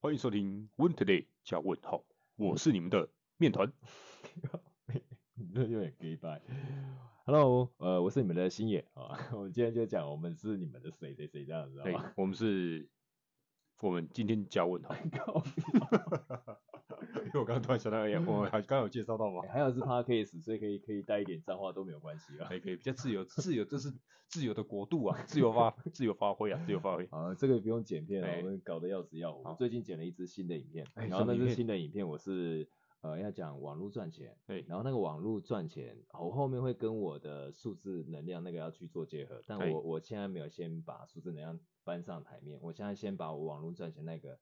歡迎收聽《問 Today》加問號，我是你們的麵團。那、嗯、 Hello，呃，我是你們的星野啊、哦。我今天就講，我們是你們的誰誰誰這樣子，我們是，我們今天加問號。 因為我剛剛突然想到、欸，哎、啊，我剛剛有介紹到嗎？欸、還有是 Podcast，所以可以可以帶一點髒話都沒有關係啊、欸，可以比較自由，自由就是自由的國度啊，自由發， 自由發揮啊，自由發揮啊。這個不用剪片了，欸、我們搞得要死要活。我最近剪了一支新的影片，欸、然後那支新的影片，我是呃要講網絡賺錢，對、欸，然後那個網絡賺錢、喔，我後面會跟我的數字能量那個要去做結合，但我、欸、我現在沒有先把數字能量搬上台面，我現在先把我網絡賺錢那個。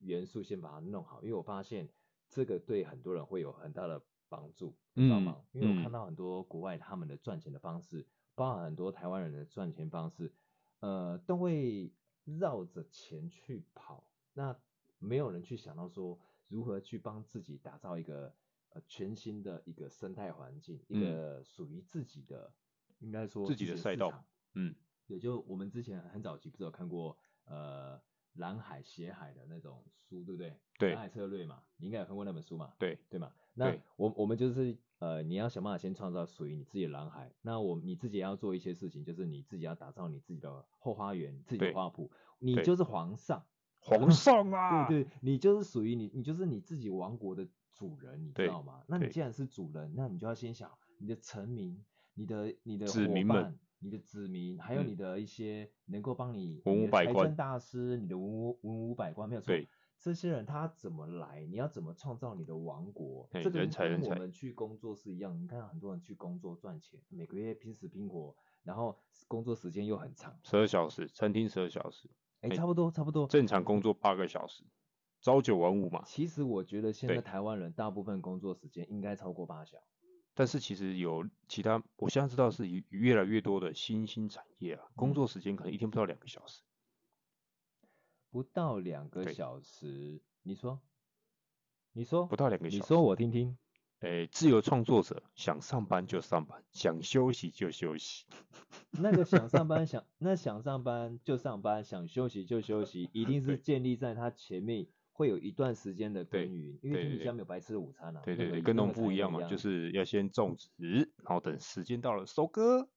元素先把它弄好，因為我發現這個對很多人會有很大的幫助，嗯，知道嗎？因為我看到很多國外他們的賺錢的方式，包含很多台灣人的賺錢方式，呃，都會繞着錢去跑，那沒有人去想到說如何去幫自己打造一個呃全新的一個生態環境，嗯，一個屬於自己的，應該說自己的賽道，嗯，也就我們之前很早期不是有看過呃。藍海、斜海的那種書，對不對？對，藍海策略嘛，你應該也看過那本書嘛？對，對嘛？那我我們就是呃，你要想辦法先創造屬於你自己的藍海。那我你自己也要做一些事情，就是你自己要打造你自己的後花園、自己的花圃。你就是皇上，就是、皇上啊。對對，對，你就是屬於你，你就是你自己王國的主人，你知道嗎？那你既然是主人，那你就要先想你的臣民，你的你的夥伴。子民們，你的子民，還有你的一些能夠幫你，文、嗯、政大師，你的文武文武百官，沒有錯，對，這些人他怎麼來？你要怎麼創造你的王國？這個跟我們去工作是一樣。你看很多人去工作賺錢，每個月拼死拼活，然後工作時間又很長，十二小時，餐廳十二小時，哎、欸，差不多差不多，正常工作八個小時，朝九晚五嘛。其實我覺得現在台灣人大部分工作時間應該超過八小時。但是其實有其他，我現在知道是越來越多的新興產業啊，嗯、工作時間可能一天不到兩個小時，不到兩個小時，你說，你說，不到兩個小時，你說我聽聽，哎、欸，自由創作者想上班就上班，想休息就休息，那個想上班想 那想上班就上班，想休息就休息，一定是建立在他前面。會有一段時間的耕耘，因為天底下沒有白吃的午餐啊。對對對，對，跟農夫一樣嘛，就是要先種植，然後等時間到了收割。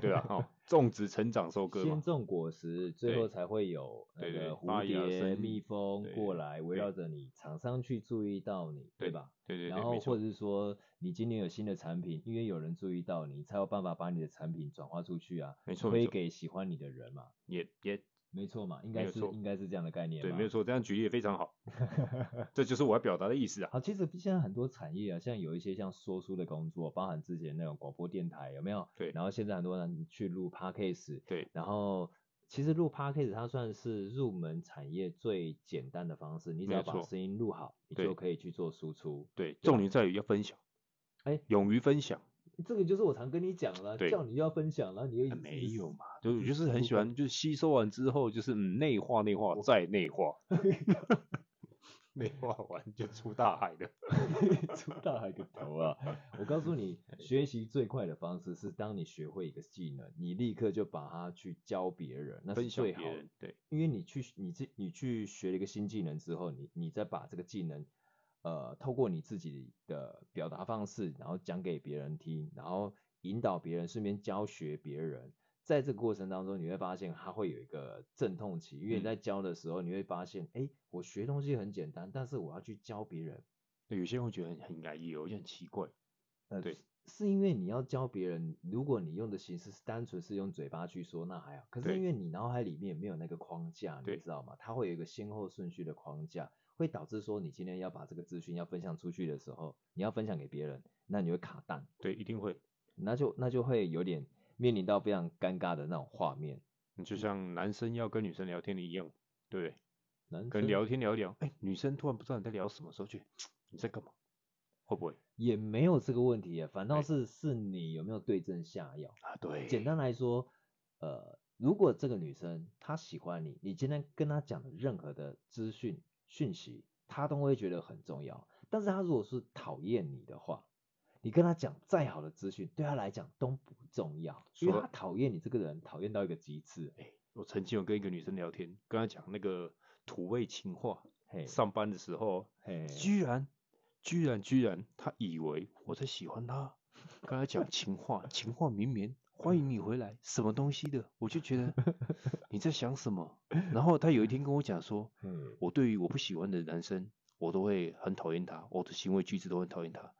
對啊，哈，種植、成長、收割。 對啊、 種成 先種果實，最後才會有那個蝴蝶、對對對蜂蜜蜂對對對過來圍繞着你，廠商去注意到你，對吧？對對，對，對。然後或者是說，對對對你今年有新的產品對對對，因為有人注意到你，才有辦法把你的產品轉化出去啊。沒錯。推給喜歡你的人嘛，也也。沒錯嘛，應該是應該是這樣的概念，對，沒有錯。這樣舉例也非常好， 這就是我要表達的意思啊。好，其實現在很多產業啊，像有一些像說書的工作，包含之前那種廣播電台，有沒有？對。然後現在很多人去錄 Podcast，對。然後其實錄 Podcast，它算是入門產業最簡單的方式。你只要把聲音錄好，你就可以去做輸出對對。對，重點在於要分享，哎、欸，勇於分享。這個就是我常跟你講了，叫你要分享，然後你又沒有嘛，就就是很喜歡，嗯、就是吸收完之後就是、嗯、內化內化再內化， 內化完就出大海的， 出大海的頭啊！ 我告訴訴你， 學習最快的方式是，當你學會一個技能，你立刻就把它去教別人，那是最好的。對，因為你去你這你去學了一個新技能之後，你你再把這個技能。呃，透過你自己的表達方式，然後講給別人聽，然後引導別人，順便教學別人。在這個過程當中，你會發現他會有一個陣痛期，因為你在教的時候，你會發現，哎、欸，我學東西很簡單，但是我要去教別人，有些人會覺得很應該，也有點奇怪。呃，對，是因為你要教別人，如果你用的形式是單純是用嘴巴去說，那還好。可是因為你腦海裡面沒有那個框架，你知道嗎？它會有一個先後順序的框架。會導致說你今天要把這個資訊要分享出去的時候，你要分享給別人，那你會卡彈。對，一定會。那就那就會有點面臨到非常尷尬的那種畫面。你就像男生要跟女生聊天的一樣，對，對男生，跟聊天聊聊，哎、欸，女生突然不知道你在聊什麼時候去，說去你在幹嘛，會不會？也沒有這個問題啊。反倒是、欸、是你有沒有對症下藥啊？對，簡單來說，呃，如果這個女生她喜歡你，你今天跟她講任何的資訊。訊息，他都會覺得很重要。但是他如果是討厭你的話，你跟他講再好的資訊，對他來講都不重要，因為他討厭你這個人，討厭到一個極致。欸，我曾經有跟一個女生聊天，跟她講那個土味情話，嘿，上班的時候，居然，居然，居然，居然，她以為我在喜歡她，跟她講情話，情話綿綿。歡迎你回來，什麼東西的？我就覺得你在想什麼。 然後他有一天跟我講說，我對於我不喜歡的男生，我都會很討厭他，我的行為舉止都很討厭他。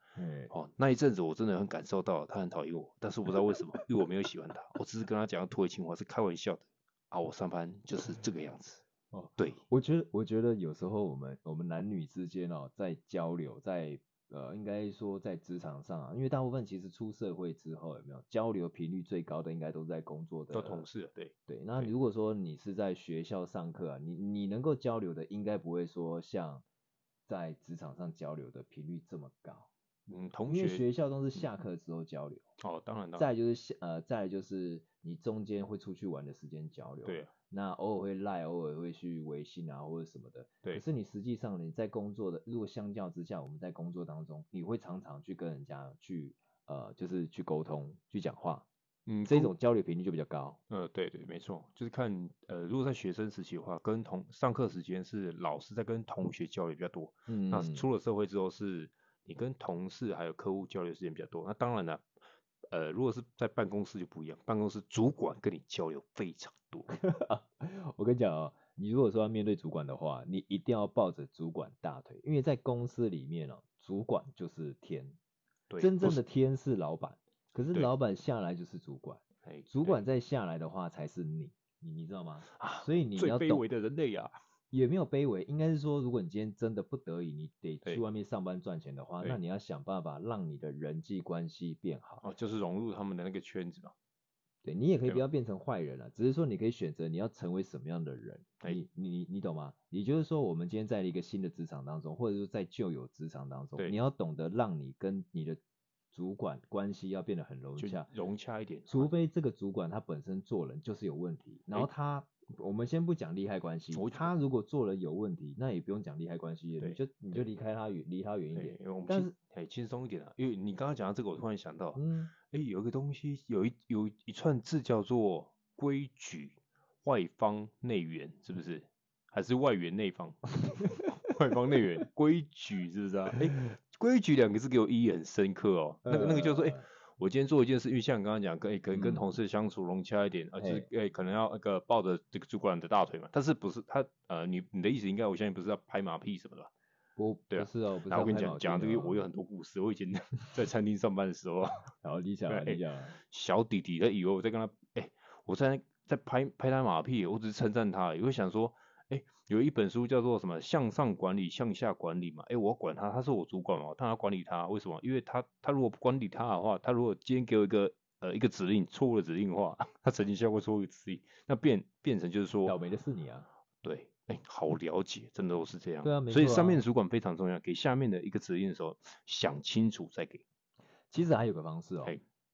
哦，那一陣子我真的很感受到他很討厭我，但是我不知道為什麼， 因為我沒有喜歡他， 我只是跟他講的土味情話是開玩笑的啊。我上班就是這個樣子。哦，對，我覺得我覺得有時候我們我們男女之間哦，在交流在。呃，應該說在職場上啊，因為大部分其實出社會之後有沒有交流頻率最高的，應該都是在工作的同事。對對，那如果說你是在學校上課，啊，你你能夠交流的，應該不會說像在職場上交流的頻率這麼高。嗯，同學，因為學校都是下課之後交流，嗯。哦，當然。當然，再就是下呃，再就是你中間會出去玩的時間交流。對啊。那偶爾會賴、like，偶爾會去微信啊或者什麼的。對。可是你實際上你在工作的，如果相較之下，我們在工作當中，你會常常去跟人家去呃，就是去溝通、去講話。嗯。這種交流頻率就比較高。嗯，嗯呃、對，對對，沒錯，就是看呃，如果在學生時期的話，跟同上課時間是老師在跟同學交流比較多。嗯，嗯。那出了社會之後是，你跟同事還有客戶交流時間比較多。那當然了。呃，如果是在辦公室就不一樣，辦公室主管跟你交流非常多。 我跟你講啊，你如果說要面對主管的話，你一定要抱着主管大腿，因為在公司裡面哦、喔，主管就是天，對，真正的天是老闆，可是老闆下來就是主管，哎，主管再下來的話才是你，你你知道嗎？所以你要懂、啊、卑微的人類呀、啊。也沒有卑微，應該是說，如果你今天真的不得已，你得去外面上班賺錢的話，那你要想辦法讓你的人際關係變好。哦，就是融入他們的那個圈子嘛。對，你也可以不要變成壞人了，只是說你可以選擇你要成為什麼樣的人。哎，你你你懂嗎？也就是說，我們今天在一個新的職場當中，或者說在舊有職場當中，你要懂得讓你跟你的主管關係要變得很融洽，融洽一點。除非這個主管他本身做人就是有問題，然後他。我們先不講利害關係，他如果做人有問題，那也不用講利害關係，就你就離開他遠，離他遠一點。但我們其實可以輕鬆一點。啊、因為你剛剛講到這個，我突然想到，嗯、欸，有一個東西，有一有一串字叫做規矩，外方內圓，是不是？嗯、還是外圓內方？ 外方內圓，規矩是不是啊？哎、 欸，規矩兩個字給我意義很深刻哦，嗯、那個那個叫做哎。欸我今天做一件事，因為像你剛剛講，可以可以跟同事相處融洽一點，而且誒可能要那個抱着這個主管的大腿嘛。但是不是他呃，你你的意思應該我現在不是要拍馬屁什麼的吧？我對啊，是啊、哦。是然後我跟你講講這個，我有很多故事。我以前在餐廳上班的時候，然後你想你想，欸、想小弟弟，他以為我在跟他，哎、欸，我在在拍拍他馬屁，我只是稱讚他，也會想說。有一本書叫做什麼向上管理、向下管理嘛？哎、欸，我管他，他是我主管嘛，我當然要管理他，為什麼？因為他他如果不管理他的話，他如果今天給我一個呃一個指令錯誤的指令的話，他曾經下過錯誤的指令，那變變成就是說倒霉的是你啊。對，哎、欸，好了解，真的都是這樣，嗯。對啊，沒錯啊。所以上面的主管非常重要，給下面的一個指令的時候想清楚再給。其實還有個方式哦，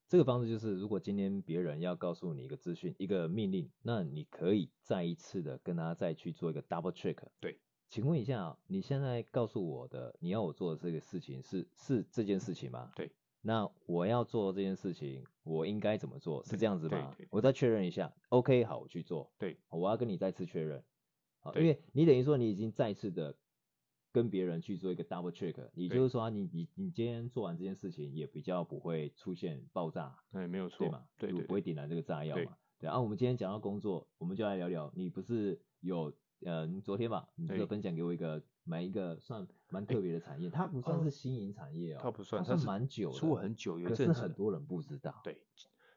這個方式就是，如果今天別人要告訴你一個資訊、一個命令，那你可以再一次的跟他再去做一個 double check。對，請問一下，你現在告訴我的，你要我做的這個事情是是這件事情嗎？對，那我要做這件事情，我應該怎麼做？是這樣子嗎？我再確認一下。OK，好，我去做。對，我要跟你再次確認。好，對，因為你等於說你已經再次的。跟別人去做一個 double check，也就是說、啊欸、你你你今天做完這件事情，也比較不會出現爆炸，哎、欸，沒有錯，對嘛，對，對，對，不會點燃這個炸藥嘛，對。然、啊、我們今天講到工作，我們就來聊聊。你不是有呃你昨天嘛，你不是有分享給我一個、欸、買一個算蠻特別的產業、欸，它不算是新興產業、喔、哦，它不算，它是蠻久，出了很久有，可是很多人不知道。對，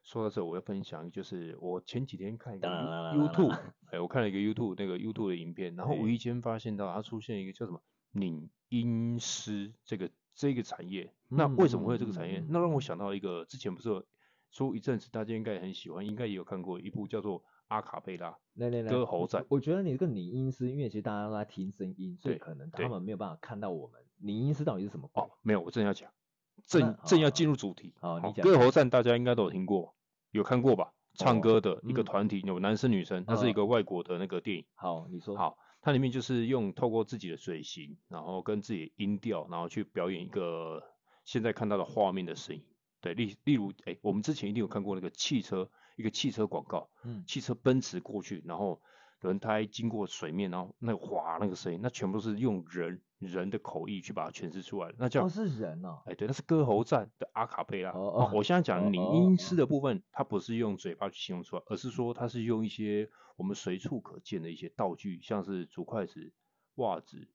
說到這我要分享，就是我前幾天看一個 you, 打打打打打打 YouTube，哎， 我看了一個 YouTube 那個 YouTube 的影片，然後無意間發現到它出現一個叫什麼？擬音師這個這個產業、嗯，那為什麼會有這個產業、嗯嗯？那讓我想到一個，之前不是說一陣子大家應該也很喜歡，應該也有看過一部叫做《阿卡貝拉》。來來來，歌喉戰。我覺得你這個擬音師，因為其實大家都在聽聲音，所以可能他們沒有辦法看到我們擬音師到底是什麼。哦，沒有，我正要講，正正要進入主題、哦哦。好，歌喉戰大家應該都有聽過，有看過吧？哦、唱歌的一個團體、哦嗯，有男生女生，那、哦、是一個外國的那個電影。好，你說。好。它裡面就是用透過自己的嘴型，然後跟自己的音調，然後去表演一個現在看到的畫面的聲音。對，例例如，哎、欸，我們之前一定有看過那個汽車一個汽車廣告，嗯，汽車奔馳過去，然後輪胎經過水面，然後那嘩那個聲音，那全部是用人。人的口譯去把它詮釋出來，那叫、哦、是人哦。哎，對，那是歌喉戰的阿卡貝拉。哦哦、啊，我現在講、哦、擬音師的部分、哦，它不是用嘴巴去形容出來，而是說它是用一些我們隨處可見的一些道具，像是竹筷子、襪子、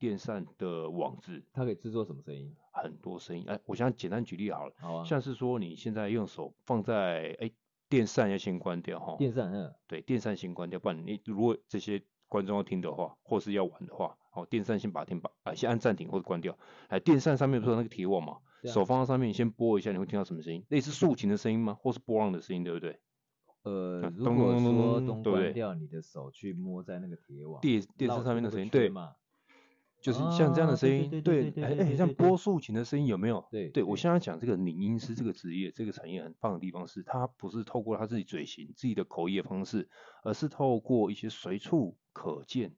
電扇的網子。它可以制作什麼聲音？很多聲音。哎，我想簡單舉例好了。哦、啊。像是說你現在用手放在，哎，電扇要先關掉哈。電扇、嗯。對，電扇先關掉，不然你如果這些觀眾要聽的話，或是要玩的話。好，電扇先把電把啊，先按暫停或者關掉。哎，電扇上面不是有那個鐵網嗎、嗯？手放在上面，先撥一下，你會聽到什麼聲音？那似豎琴的聲音嗎？或是撥浪的聲音，對不對？呃，咚、啊、咚說咚，關掉，你的手去摸在那個鐵網，對對電電扇上面的聲音嗎對嘛？就是像這樣的聲音、啊，對對哎，像撥豎琴的聲音有沒有？對對、對、對、對、對、對，我現在講這個領音師這個職業，這個產業很棒的地方是，它不是透過它自己嘴型、自己的口譯方式，而是透過一些隨處可見。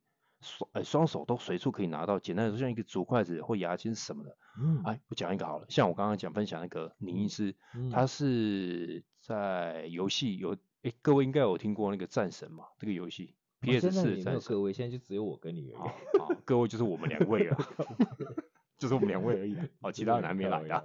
哎，雙、欸、手都隨處可以拿到，簡單的說，像一個竹筷子或牙籤什麼的。嗯，唉我講一個好了，像我剛剛講分享那個，凝音師，它、嗯、是在遊戲有，哎、欸，各位應該有聽過那個戰神嘛？這個遊戲，PS4 戰神。各位現在就只有我跟你而已，好、哦哦，各位就是我們兩位了， 就是我們兩位而已。 哦，其他人還沒來了、啊。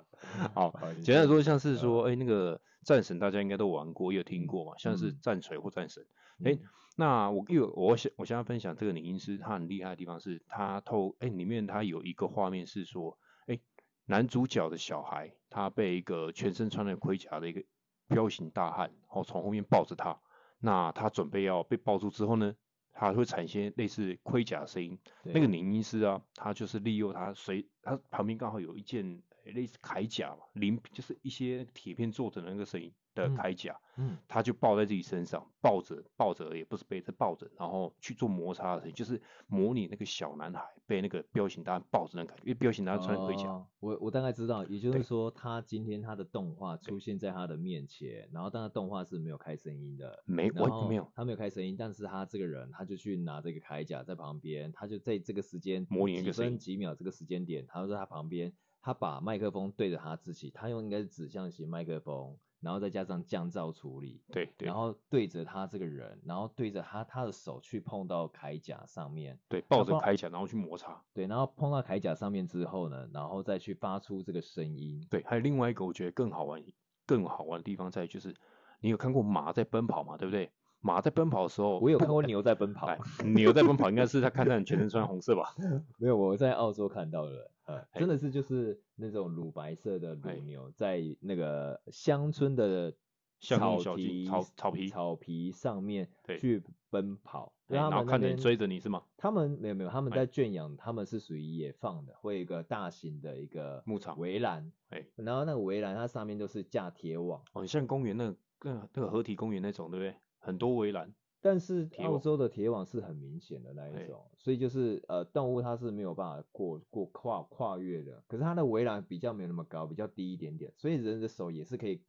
哦，簡單的說，像是說，哎、欸，那個戰神，大家應該都玩過，也有聽過嘛，像是戰錘或戰神，哎、嗯。欸嗯那我給我，我想我想要分享這個擬音師，他很厲害的地方是，他透，哎、欸，裡面他有一個畫面是說，哎、欸，男主角的小孩，他被一個全身穿了盔甲的一個彪形大漢，哦，從後面抱着他，那他準備要被抱住之後呢，他會產生類似盔甲的聲音。那個擬音師啊，他就是利用他隨他旁邊剛好有一件類似鎧甲嘛，鱗，就是一些鐵片做的那個聲音。的鎧甲嗯，嗯，他就抱在自己身上，抱着抱着也不是背着，抱着，然後去做摩擦的事情，就是模擬那個小男孩被那個彪形大漢抱着那感覺，因為彪形大漢穿盔甲。呃、我我大概知道，也就是說，他今天他的動畫出現在他的面前，然後但他動畫是沒有開聲音,音的，沒，完全沒有，他沒有開聲音，但是他這個人他就去拿這個鎧甲在旁邊，他就在這個時間模擬一個聲音，幾分幾秒這個時間點，他說他旁邊，他把麥克風對着他自己，他用應該是指向型麥克風。然後再加上降噪處理，對，對，然後對着他這個人，然後對着他他的手去碰到鎧甲上面，對，抱着鎧甲然，然後去摩擦，對，然後碰到鎧甲上面之後呢，然後再去發出這個聲音，對，還有另外一個我覺得更好玩更好玩的地方在就是，你有看過馬在奔跑嘛，對不對？馬在奔跑的時候，我有看過牛在奔跑。 牛在奔跑應該是他看到你全身穿紅色吧？ 沒有，我在澳洲看到了，呃欸、真的是就是那種乳白色的乳牛在那個鄉村的草皮、欸、草草皮草皮，草皮上面去奔跑，欸、然，後他們那然後看人追着你是嗎？他們沒有沒有，他們在圈養、欸，他們是屬於野放的，會一個大型的一個牧場圍欄，哎、欸，然後那個圍欄它上面就是架鐵網、欸，哦，像公園那跟、個、那個河堤公園那種，對不對？很多圍欄，但是澳洲的鐵網是很明顯的那一種，所以就是呃動物它是沒有辦法過過跨跨越的，可是它的圍欄比較沒有那麼高，比較低一點點，所以人的手也是可以。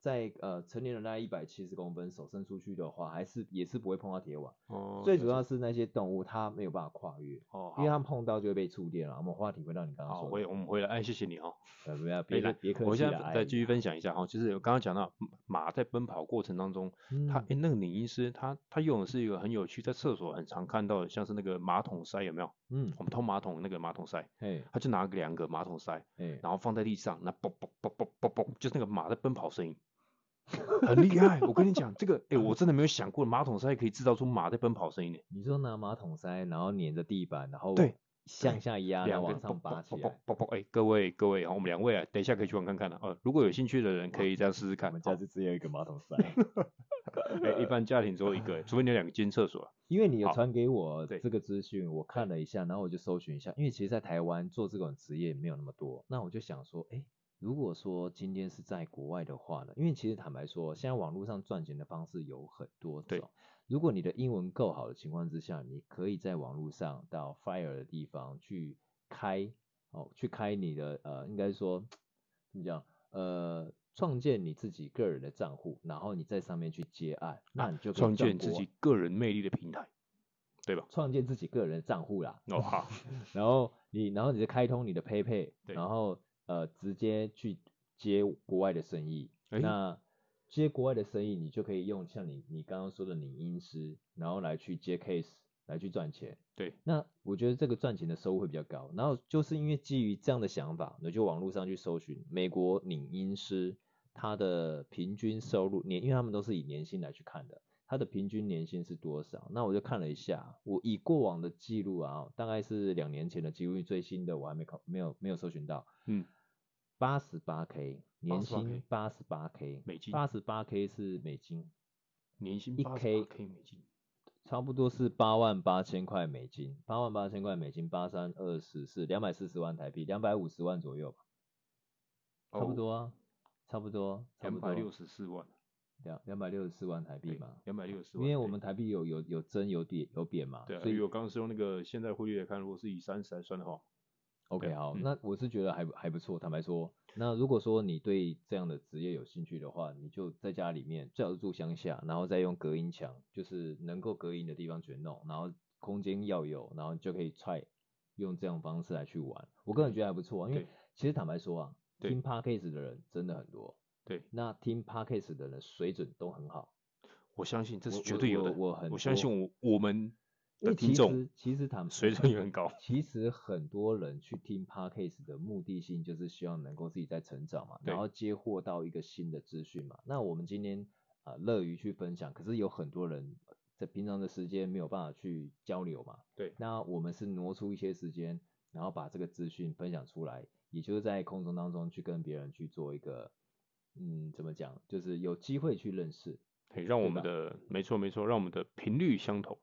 在呃成年人大概一百七十公分，手伸出去的話，還是也是不會碰到鐵網。哦。最主要是那些動物它沒有辦法跨越。哦。因為他們碰到就會被觸電了。我們麼話題回到你剛剛說。好，回我們回來。哎，謝謝你哦。哎、別、哎、別別客氣，我現在再繼續分享一下哈、哦哎，就是剛剛講到馬在奔跑過程當中，它、嗯哎、那個擬音師他他用的是一個很有趣，在廁所很常看到的，像是那個馬桶塞有沒有？嗯。我們通馬桶那個馬桶塞。哎。他就拿兩個馬桶塞，哎，然後放在地上，那嘣嘣嘣嘣嘣嘣，就是那個馬在奔跑聲音。 很厲害，我跟你講，這個，哎、欸，我真的沒有想過，馬桶塞可以制造出馬在奔跑聲音。你說拿馬桶塞，然後黏着地板，然後對，向下壓，然後往上拔起來，哎、欸，各位各位，好、喔，我們兩位啊，等一下可以去玩看看、啊喔、如果有興趣的人可以這樣試試看。我們家就只有一個馬桶塞，哎、喔欸，一般家庭只有一個、欸， 除非你有兩個間廁所、啊。因為你有傳給我這個資訊，我看了一下，然後我就搜尋一下，因為其實，在台灣做這種職業沒有那麼多，那我就想說，哎、欸。如果說今天是在國外的話呢，因為其實坦白說，現在網絡上賺錢的方式有很多種。對，如果你的英文夠好的情況之下，你可以在網絡上到 Fire 的地方去開，哦，去開你的呃，應該說怎麼講呃，創建你自己個人的賬戶，然後你在上面去接案，嗯，那你就創建自己個人魅力的平台，對吧？創建自己個人的賬戶啦，oh, 然後你然後你就開通你的 PayPal，然後。呃，直接去接國外的生意，欸、那接國外的生意，你就可以用像你你剛剛說的，擬音師，然後來去接 case，來去賺錢。對，那我覺得這個賺錢的收入會比較高。然後就是因為基於這樣的想法，我就網絡上去搜尋美國擬音師他的平均收入年，因為他們都是以年薪來去看的，他的平均年薪是多少？那我就看了一下，我以過往的記錄啊、哦，大概是兩年前的記錄，最新的我還沒考，沒有沒有搜尋到，嗯。八十八 K，年薪八十八 K，八十八 K 是美金，1K, 年薪一 K，K 美金，差不多是八萬八千塊美金，八萬八千塊美金，八三二四是兩百四十萬台幣，兩百五十萬左右吧，差不多，差不多，哦、差不多，兩百六十四萬，兩兩百六十四萬台幣嘛，兩百六十四萬，因為我們台幣有有有增有貶有貶嘛對、啊，所以我剛剛是用那個現在匯率來看，如果是以三十來算的話。OK，好，嗯，那我是覺得還還不錯。坦白說，那如果說你對這樣的職業有興趣的話，你就在家裡面，最好是住鄉下，然後再用隔音牆，就是能夠隔音的地方全弄，然後空間要有，然後就可以踹，用這樣方式來去玩。我個人覺得還不錯啊，因為其實坦白說啊，聽 Podcast 的人真的很多，對，那聽 Podcast 的人水準都很好，我相信這是絕對有的。我，我，我，很我相信我我們。那其實其實他們水準也很高。其實很多人去聽 Podcast 的目的性就是希望能夠自己在成長嘛，然後接獲到一個新的資訊嘛。那我們今天啊樂於去分享，可是有很多人在平常的時間沒有辦法去交流嘛。對。那我們是挪出一些時間，然後把這個資訊分享出來，也就是在空中當中去跟別人去做一個嗯怎麼講，就是有機會去認識，可以讓我們的沒錯沒錯，讓我們的頻率相同。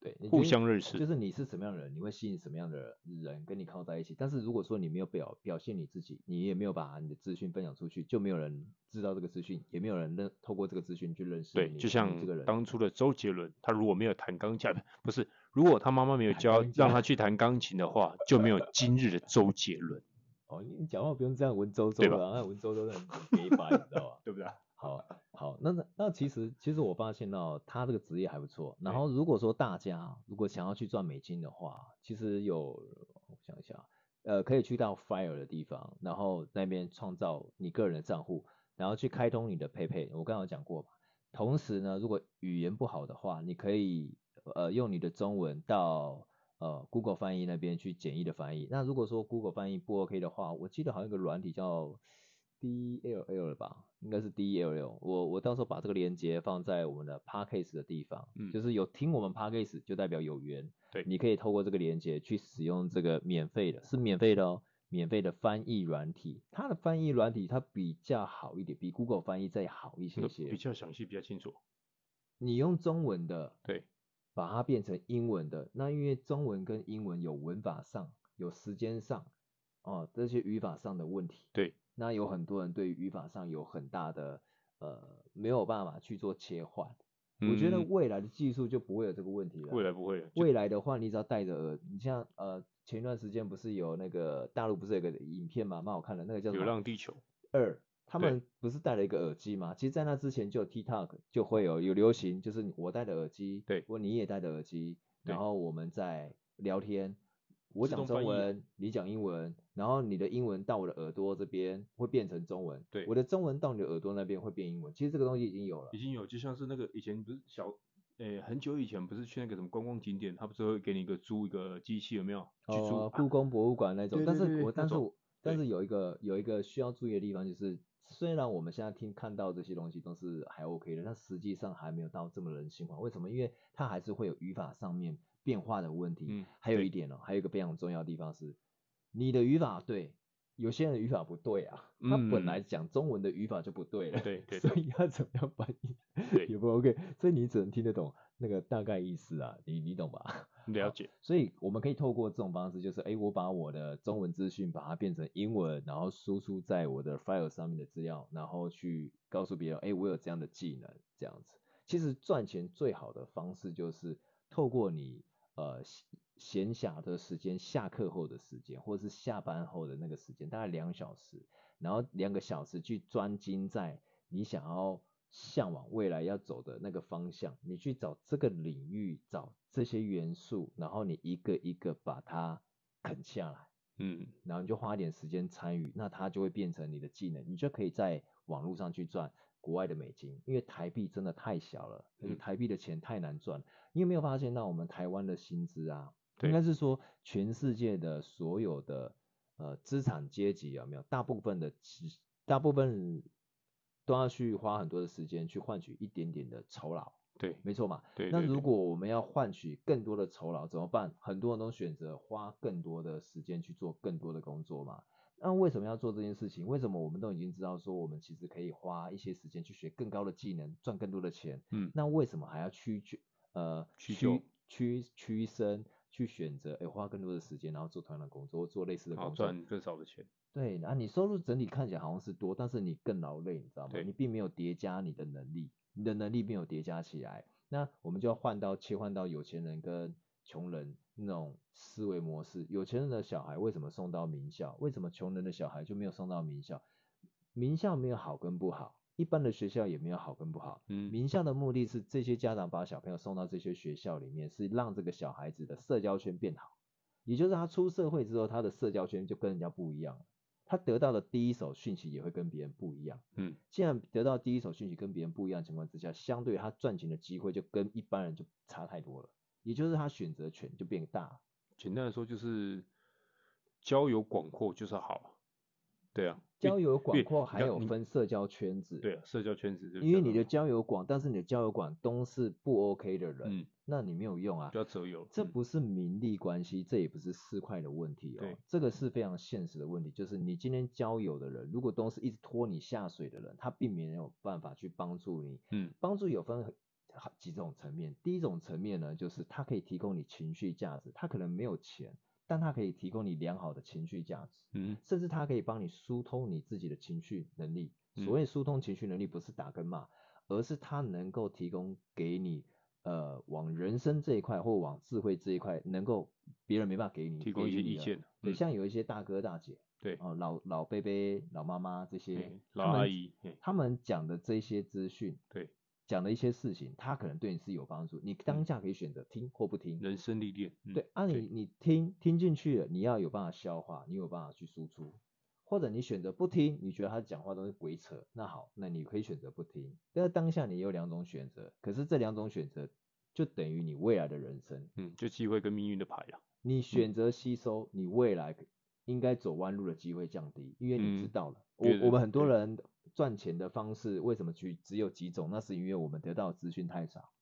對、就是，互相認識，就是你是什麼樣的人，你會吸引什麼樣的人跟你靠在一起。但是如果說你沒有表表現你自己，你也沒有把你的資訊分享出去，就沒有人知道這個資訊，也沒有人認，透過這個資訊去認識你。對，就像當初的周杰倫、這個人，他如果沒有彈鋼琴，不是，如果他媽媽沒有教，讓他去彈鋼琴的話， 就沒有今日的周杰倫。 哦，你講話不用這樣文縐縐的啊，文縐縐的很很 gay 吧，周周你知道 吧？對不對？好好，那那其實其實我發現到他這個職業還不錯。然後如果說大家如果想要去賺美金的話，其實有，我想一下，呃，可以去到 Fire 的地方，然後那邊創造你個人的賬戶，然後去開通你的 PayPal。我剛剛有講過吧。同時呢，如果語言不好的話，你可以呃用你的中文到呃 Google 翻譯那邊去簡易的翻譯。那如果說 Google 翻譯不 OK 的話，我記得好像有個軟體叫。D L L 了吧，應該是 D L L。我我到時候把這個鏈接放在我們的 Podcast 的地方，嗯，就是有聽我們 Podcast 就代表有緣，對，你可以透過這個鏈接去使用這個免費的，是免費的哦，免費的翻譯軟體。它的翻譯軟體它比較好一點，比 Google 翻譯再好一些些，嗯，比較詳細，比較清楚。你用中文的，對，把它變成英文的，那因為中文跟英文有文法上、有時間上，哦，這些語法上的問題，對。那有很多人對於語法上有很大的呃，沒有辦法去做切換、嗯，我覺得未來的技術就不會有這個問題了。未來不會有。未來的話，你只要帶着，耳，你像呃前一段時間不是有那個大陸不是有一個影片嘛，蠻好看的，那個叫什麼？流浪地球二，他們不是戴了一個耳機嘛，其實，在那之前就有 TikTok 就會有有流行，就是我戴着耳機，對，或你也戴着耳機，然後我們在聊天。我講中文，你講英文，然後你的英文到我的耳朵這邊會變成中文。對，我的中文到你的耳朵那邊會變英文。其實這個東西已經有了，已經有，就像是那個以前不是小，誒、欸，很久以前不是去那個什麼觀光景點，他不是會給你一個租一個機器，有沒有？去租哦，故、啊、宮博物館那，那種。但是，但是我但是有一個有一個需要注意的地方，就是雖然我們現在聽看到這些東西都是還 OK 的，但實際上還沒有到這麼人性化。為什麼？因為它還是會有語法上面。變化的問題，還有一點呢、喔嗯，還有一個非常重要的地方是，你的語法對，有些人的語法不對啊，嗯、他本來講中文的語法就不對了，嗯、對，對，對，所以他怎麼樣翻譯也不 OK，所以你只能聽得懂那個大概意思啊，你你懂吧？了解，所以我們可以透過這種方式，就是誒，我把我的中文資訊把它變成英文，然後輸出在我的 file 上面的資料，然後去告訴別人，誒，我有這樣的技能，這樣子。其實賺錢最好的方式就是透過你。呃，閒暇的時間、下課後的時間，或者是下班後的那個時間，大概兩小時，然後兩個小時去專精在你想要向往未來要走的那個方向，你去找這個領域，找這些元素，然後你一個一個把它啃下來，嗯，然後你就花點時間參與，那它就會變成你的技能，你就可以在網絡上去賺。國外的美金，因為台幣真的太小了，台幣的錢太難賺，嗯。你有沒有發現，那我們台灣的薪資啊，應該是說全世界的所有的呃資產階級有沒有？大部分的，大部分都要去花很多的時間去換取一點點的酬勞。對，沒錯嘛。對對對對，那如果我們要換取更多的酬勞怎麼辦？很多人都選擇花更多的時間去做更多的工作嘛。那、啊、為什麼要做這件事情？為什麼我們都已經知道說，我們其實可以花一些時間去學更高的技能，賺更多的錢？嗯，那為什麼還要屈屈呃去去屈身去選擇，哎、欸，花更多的時間，然後做同樣的工作或做類似的工作，賺更少的錢？對，那你收入整體看起來好像是多，但是你更勞累，你知道嗎？對你並沒有疊加你的能力，你的能力並沒有疊加起來。那我們就要換到切換到有錢人跟窮人。那種思維模式，有錢人的小孩為什麼送到名校？為什麼窮人的小孩就沒有送到名校？名校沒有好跟不好，一般的學校也沒有好跟不好。嗯，名校的目的是這些家長把小朋友送到這些學校裡面，是讓這個小孩子的社交圈變好，也就是他出社會之後，他的社交圈就跟人家不一樣了，他得到的第一手訊息也會跟別人不一樣。嗯，既然得到第一手訊息跟別人不一樣的情況之下，相對他賺錢的機會就跟一般人就差太多了。也就是他選擇權就變大。簡單來說就是交友廣闊就是好，對啊。交友廣闊還有分社交圈子。對啊，社交圈子，因為你的交友廣，但是你的交友廣都是不 OK 的人，嗯，那你沒有用啊。叫擇友，這不是名利關係，這也不是四塊的問題哦、喔。這個是非常現實的問題，就是你今天交友的人，如果都是一直拖你下水的人，他並沒有辦法去幫助你。嗯。幫助有分。幾種層面，第一種層面呢，就是他可以提供你情緒價值，他可能沒有錢，但他可以提供你良好的情緒價值，嗯，甚至他可以幫你疏通你自己的情緒能力。嗯、所謂疏通情緒能力，不是打跟罵，而是他能夠提供給你，呃，往人生這一塊或往智慧這一塊，能夠別人沒辦法給你提供一些意見、嗯、對，像有一些大哥大姐，對，哦，老老伯伯、老媽媽這些對老阿姨，對他們講的這些資訊，對。講的一些事情，他可能對你是有幫助。你當下可以選擇聽或不聽。人生歷練、嗯。對啊你，你你聽聽進去了，你要有辦法消化，你有辦法去輸出，或者你選擇不聽，你覺得他講話都是鬼扯，那好，那你可以選擇不聽。但當下你也有兩種選擇，可是這兩種選擇就等於你未來的人生，嗯，就機會跟命運的牌啦。你選擇吸收、嗯，你未來應該走彎路的機會降低，因為你知道了。嗯、我對對對對我們很多人。賺錢的方式為什麼只只有幾種？那是因為我們得到資訊太少。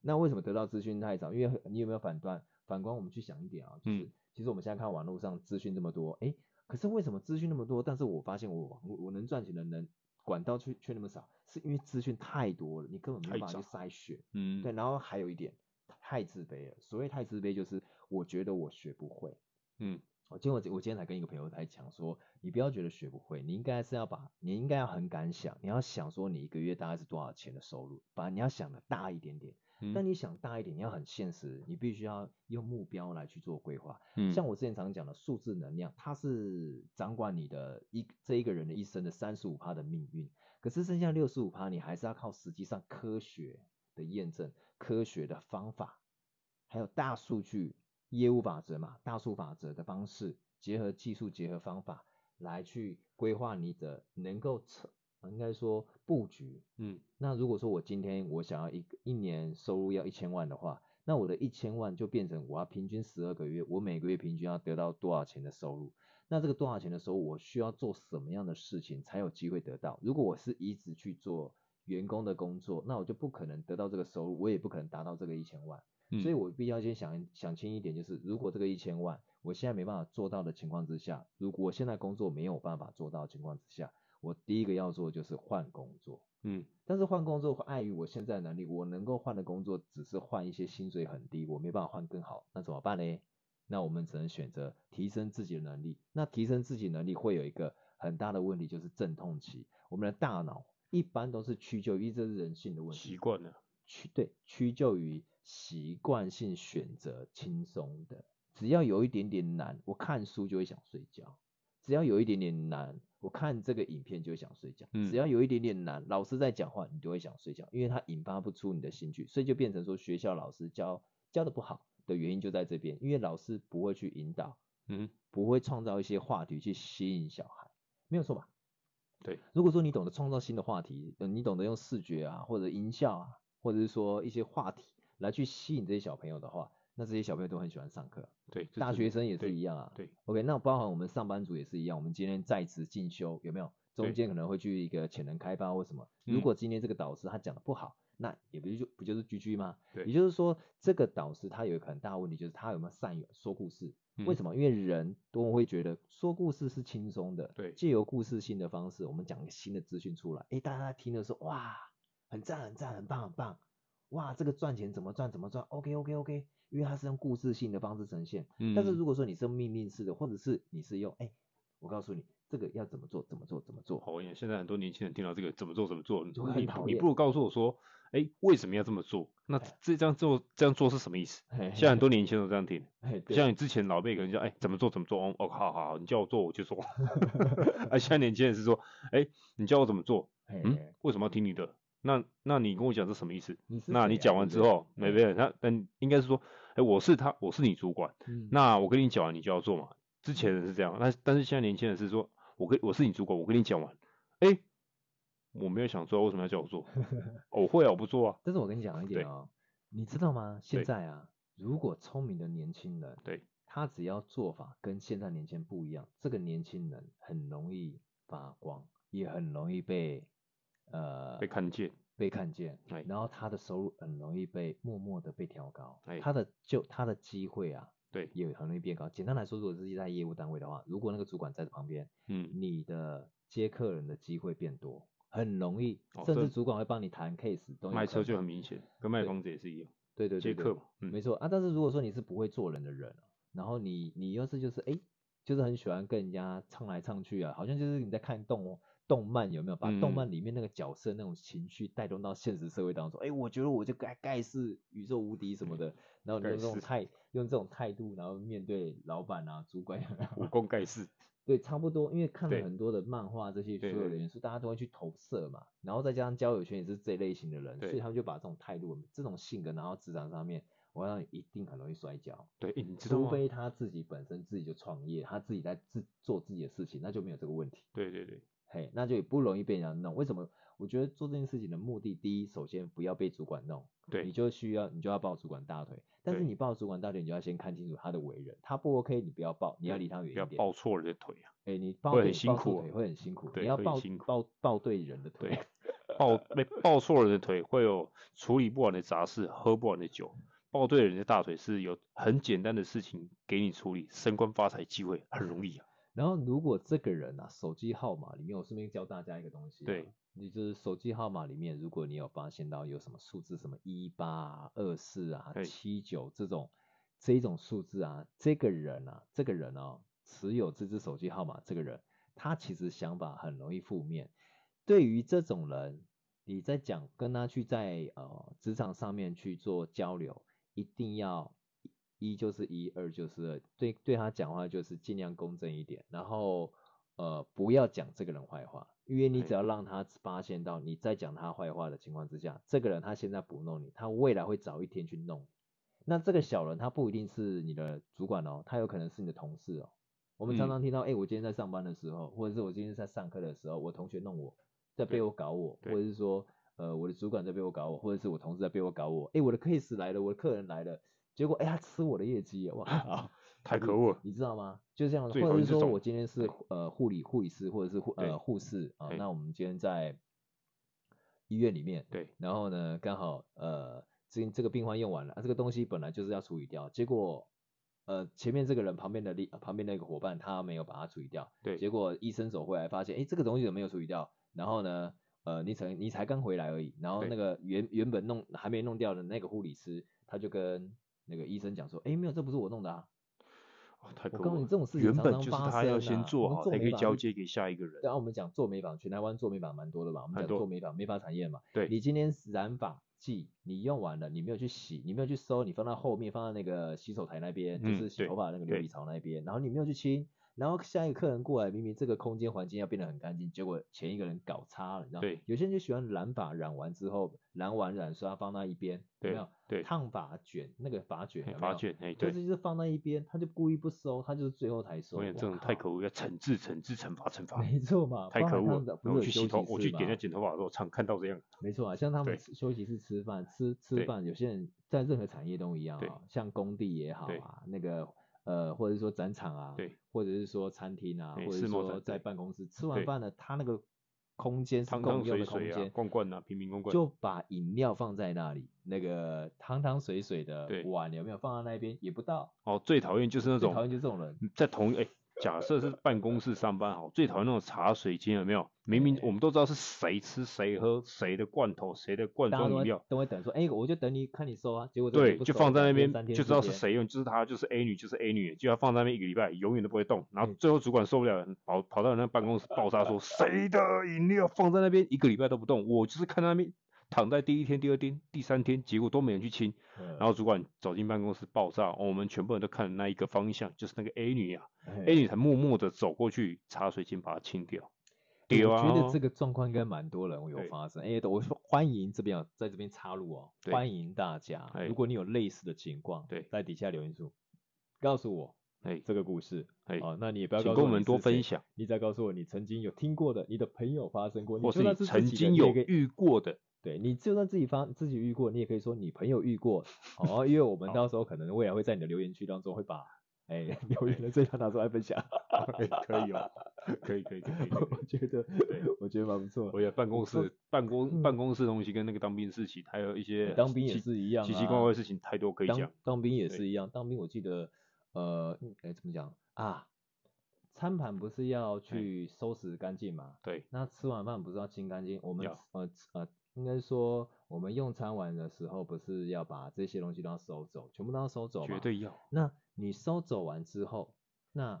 那為什麼得到資訊太少？因為你有沒有反斷反觀我們去想一點啊，就是其實我們現在看網絡上資訊這麼多，哎，可是為什麼資訊那麼多？但是我發現我我我能賺錢的人管道卻卻那麼少，是因為資訊太多了，你根本沒辦法去篩選。嗯，對。然後還有一點，太自卑了。所謂太自卑，就是我覺得我學不會。嗯。我今天，我今天才跟一個朋友在講說，你不要覺得學不會，你應該是要把，你應該要很敢想，你要想說你一個月大概是多少錢的收入，把你要想的大一點點，但你想大一點，你要很現實，你必須要用目標來去做規劃。嗯。像我之前常講的數字能量，它是掌管你的一這一個人的一生的三十五趴的命運，可是剩下六十五趴，你還是要靠實際上科學的驗證、科學的方法，還有大數據。業務法則嘛，大數法則的方式，結合技術，結合方法來去規劃你的能夠，應該說布局。嗯，那如果說我今天我想要一一年收入要一千萬的話，那我的一千萬就變成我要平均十二個月，我每個月平均要得到多少錢的收入？那這個多少錢的時候，我需要做什麼樣的事情才有機會得到？如果我是一直去做員工的工作，那我就不可能得到這個收入，我也不可能達到這個一千萬。所以我必要先想，嗯、想清一點，就是如果這個一千萬我現在沒辦法做到的情況之下，如果我現在工作沒有辦法做到的情況之下，我第一個要做就是換工作。嗯，但是換工作礙於我現在的能力，我能夠換的工作只是換一些薪水很低，我沒辦法換更好，那怎麼辦呢？那我們只能選擇提升自己的能力。那提升自己能力會有一個很大的問題，就是陣痛期。我們的大腦一般都是屈就於，這是人性的問題，習慣了，屈，對，屈就於。習慣性選擇輕鬆的，只要有一點點難，我看書就會想睡覺；只要有一點點難，我看這個影片就會想睡覺，嗯；只要有一點點難，老師在講話你都會想睡覺，因為他引發不出你的興趣，所以就變成說學校老師教教得不好的原因就在這邊，因為老師不會去引導，嗯，不會創造一些話題去吸引小孩，沒有錯吧？對，如果說你懂得創造新的話題，你懂得用視覺啊，或者音效啊，或者是說一些話題。來去吸引這些小朋友的話，那這些小朋友都很喜歡上課。對，大學生也是一樣啊。對。對 OK，那包含我們上班族也是一樣。我們今天在職進修有沒有？中間可能會去一個潛能開發或什麼。如果今天這個導師他講的不好，那也不就不就是 GG 嗎？對。也就是說，這個導師他有一個很大的問題就是他有沒有善於說故事？為什麼？因為人都會覺得說故事是輕鬆的。對。借由故事性的方式，我們講一個新的資訊出來，哎，大家在聽的時候，哇，很讚，很讚，很棒，很棒。哇，這個賺錢怎麼賺怎麼賺？OK OK OK，因為它是用故事性的方式呈現，嗯。但是如果說你是命令式的，或者是你是用哎、欸，我告訴你這個要怎麼做怎麼做怎麼做。好，因為現在很多年輕人聽到這個怎麼做怎麼做就你，你不如告訴我說，哎、欸，為什麼要這麼做？那這樣做這樣做是什麼意思？現在很多年輕人都這樣聽嘿嘿，像你之前老輩可能說，哎、欸，怎麼做怎麼做？哦，好好好，你叫我做我就做。 啊，現在年輕人是說，哎、欸，你叫我怎麼做？哎、嗯，為什麼要聽你的？那那你跟我講這什麼意思？你啊、那你講完之後，沒變。那但應該是說，哎、欸，我是他，我是你主管。嗯、那我跟你講完，你就要做嘛。之前的人是這樣，那但是現在年輕人是說，我跟我是你主管，我跟你講完，哎、欸，我沒有想做，為什麼要叫我做？ 我會啊，我不做啊。但是我跟你講一點啊、哦，你知道嗎？現在啊，如果聰明的年輕人，對，他只要做法跟現在年輕人不一樣，這個年輕人很容易發光，也很容易被。呃，被看見，被看見、嗯，然後他的收入很容易被默默的被調高，嗯、他的就他的機會啊，對，也很容易變高。簡單來說，如果自己在業務單位的話，如果那個主管在旁邊，嗯，你的接客人的機會變多，很容易，哦、甚至主管會幫你談 case，都賣車就很明顯，跟賣房子也是一樣，對對對，對對，接客，嗯、沒錯啊。但是如果說你是不會做人的人，然後你你要是就是哎，就是很喜歡跟人家唱來唱去啊，好像就是你在看動哦。動漫有沒有把動漫裡面那個角色那種情緒帶動到現實社會當中？哎、嗯欸，我覺得我就該蓋世宇宙無敵什麼的，然後你用這種態用這種態度，然後面對老闆啊主管、啊，武功蓋世。 對，差不多，因為看了很多的漫畫這些所有的元素對對對，大家都會去投射嘛。然後再加上交友圈也是這類型的人，所以他們就把這種態度、這種性格，然後職場上面，我想一定很容易摔跤。對、欸，除非他自己本身自己就創業，他自己在自對對對做自己的事情，那就沒有這個問題。對對對。哎，那就也不容易被人家弄。為什麼？我覺得做這件事情的目的，第一，首先不要被主管弄。對，你就需要你就要抱主管大腿。但是你抱主管大腿，你就要先看清楚他的為人。他不 OK，你不要抱，你要離他遠一點。不要抱錯人的腿啊！哎、欸，你抱很辛苦啊，抱錯腿會很辛苦，啊。你要抱抱抱對人的腿，啊，抱被 抱錯人的腿會有處理不完的雜事，喝不完的酒。抱對人的大腿是有很簡單的事情給你處理，升官發財機會很容易啊。然後，如果這個人啊，手機號碼裡面，我順便教大家一個東西。對，你就是手機號碼裡面，如果你有發現到有什麼數字，什麼一八、二四啊、七九、啊、這種，這種數字啊，這個人啊，這個人哦、啊，持有這只手機號碼，這個人，他其實想法很容易負面。對於這種人，你在講跟他去在呃職場上面去做交流，一定要。一就是一，二就是二。對對他講話就是盡量公正一點，然後呃不要講這個人壞話，因為你只要讓他發現到你在講他壞話的情況之下，這個人他現在不弄你，他未來會早一天去弄。那這個小人他不一定是你的主管哦，他有可能是你的同事哦。我們常常聽到，哎、嗯欸，我今天在上班的時候，或者是我今天在上課的時候，我同學弄我在背後搞我，或者是說呃我的主管在背後搞我，或者是我同事在背後搞我。哎、欸，我的 case 來了，我的客人來了。結果哎呀，欸、他吃我的業績哇！太可惡了你，你知道嗎？就這樣，或者是說我今天是呃護理護理師，或者是護呃護士啊、呃欸，那我們今天在醫院裡面對，然後呢剛好呃這這個病患用完了啊，這個東西本來就是要處理掉，結果呃前面這個人旁邊的另旁邊那個夥伴他沒有把它處理掉，結果醫生走回來發現哎、欸、這個東西怎麼沒有處理掉？然後呢呃你才你才剛回來而已，然後那個原原本弄還沒弄掉的那個護理師他就跟。那個醫生講說，哎，沒有，這不是我弄的啊！哦、太可怕，我告訴你，這種事情常常、啊、原本，就是他要先做好，才可以交接給下一個人。然後，我們講做美髮，去台灣做美髮蠻多的嘛。我們講做美髮，美髮產業嘛。對，你今天染髮劑你用完了，你沒有去洗，你沒有去收，你放到後面，放到那個洗手台那邊，嗯、就是洗頭髮那個牛皮槽那邊，然後你沒有去清，然後下一個客人過來，明明這個空間環境要變得很乾淨，結果前一個人搞差了，你知道嗎？有些人就喜歡染髮，染完之後，染完染刷放那一邊，對有沒有？燙髮卷那個髮卷，卷，髮、欸、卷，就是就是放在一邊，他就故意不收，他就是最後才收。我感、啊、這種太可惡，要懲治、懲治、懲罰、懲罰。沒錯吧？太可惡了。然後去洗頭，我去給人剪頭髮的時候，常看到這樣。沒錯啊，像他們休息室吃飯，吃吃飯，有些人在任何產業都一樣、哦，像工地也好啊，那個。呃，或者是說展場啊，對，或者是說餐廳啊、欸，或者是說在辦公室吃完飯呢，他那個空間是共用的空間，罐罐啊，平民罐罐，就把飲料放在那裡，那個湯湯水水的碗有沒有放在那邊也不倒？哦，最討厭就是那種，最討厭就是這種人，在同一哎。欸假設是辦公室上班好，最討厭那種茶水間有沒有？明明我們都知道是誰吃誰喝誰的罐頭誰的罐裝飲料，等會等等說，哎、欸，我就等你看你收啊，結果對，就放在那邊就知道是誰用，就是他就是 A 女，就是 A 女，就、是、A 女就要放在那邊一個禮拜永遠都不會動，然後最後主管受不了，跑跑到那辦公室爆炸說誰、嗯、的飲料放在那邊一個禮拜都不動，我就是看那邊躺在第一天第二天第三天，結果都沒人去清，嗯、然後主管走進辦公室爆炸、哦，我們全部人都看那一個方向，就是那個 A 女啊。哎、欸欸，你才默默地走過去，茶水間把它清掉，欸。對啊。我覺得這個狀況應該蠻多人會有發生。哎、欸欸，我說歡迎這邊在這邊插入哦、喔，歡迎大家、欸。如果你有類似的情況，對，在底下留言說，告訴我，哎、欸，這個故事，哎、欸，好、喔，那你也不要請。跟我們多分享。你再告訴我，你曾經有聽過的，你的朋友發生過，或是你曾經有遇過的。的那個、過的對，你就算自己發自己遇過，你也可以說你朋友遇過哦、 喔，因為我們到時候可能未來會在你的留言區當中會把。哎、欸，留言的最好拿出來分享，哎、 okay,，可以哦 可以，可以，可以。可以 我覺得，我覺得蠻不錯。我覺得我辦公室、辦公、辦公室東西跟那個當兵事情，嗯、還有一些當兵也是一樣、啊，奇奇怪怪事情太多可以講。當兵也是一樣，當兵我記得，呃，哎、欸，怎麼講啊？餐盤不是要去收拾乾淨嗎？對。那吃完飯不是要清乾淨？我們，yeah. 呃，呃，應該說，我們用餐完的時候，不是要把這些東西都要收走，全部都要收走嗎？絕對要。那。你收走完之後，那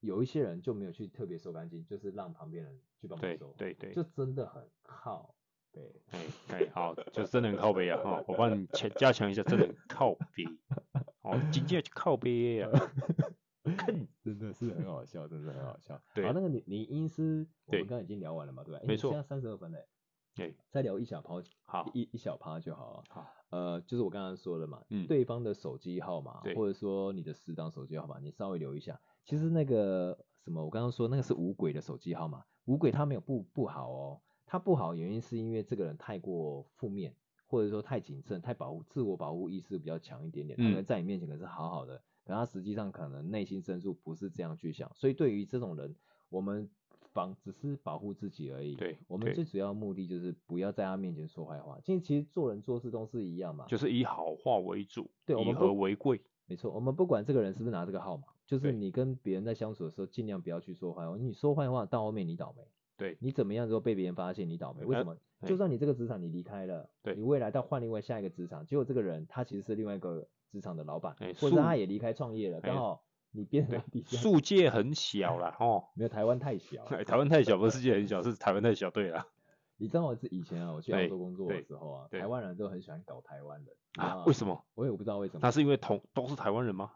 有一些人就沒有去特別收乾淨，就是讓旁邊人去幫忙收。對對對，就真的很靠。對，哎 okay,，好，就真的很靠北啊！好、 哦，我幫你加強一下，真的很靠北，好，緊接着就靠北啊！真的是很好笑，真的很好笑。 對，好，那個你你音師，我們剛剛已經聊完了嘛，對，對吧？沒錯，現在三十二分了、欸。對、okay.，再聊一小趴，哦，好一一小趴就好了。呃，就是我剛剛說的嘛，嗯、對方的手機號碼，或者說你的適當手機號碼，你稍微留一下。其實那個什麼，我剛剛說那個是五鬼的手機號碼，五鬼他沒有不不好哦，他不好原因是因為這個人太過負面，或者說太謹慎、太保護，自我保護意識比較強一點點，可、嗯、能在你面前可是好好的，但他實際上可能內心深處不是這樣去想，所以對於這種人，我們。防只是保護自己而已。對，我們最主要的目的就是不要在他面前說壞話。其實其實做人做事都是一樣嘛，就是以好話為主，對，以和為貴。沒錯，我們不管這個人是不是拿這個號碼，就是你跟別人在相處的時候，盡量不要去說壞話。你說壞話，到後面你倒霉。對，你怎麼樣都會被別人發現你倒霉？為什麼？就算你這個職場你離開了，對，你未來到換另外下一個職場，結果這個人他其實是另外一個職場的老闆、欸，或者他也離開創業了，剛好。欸你變什地？世界很小啦。哦， 沒有台灣太、欸、太小。台灣太小不是世界很小，是台灣太小，對啦，你知道我是以前啊，我去澳洲工作的時候啊，台灣人都很喜歡搞台灣的。啊，為什麼？我也我不知道為什麼。他是因為同都是台灣人嗎？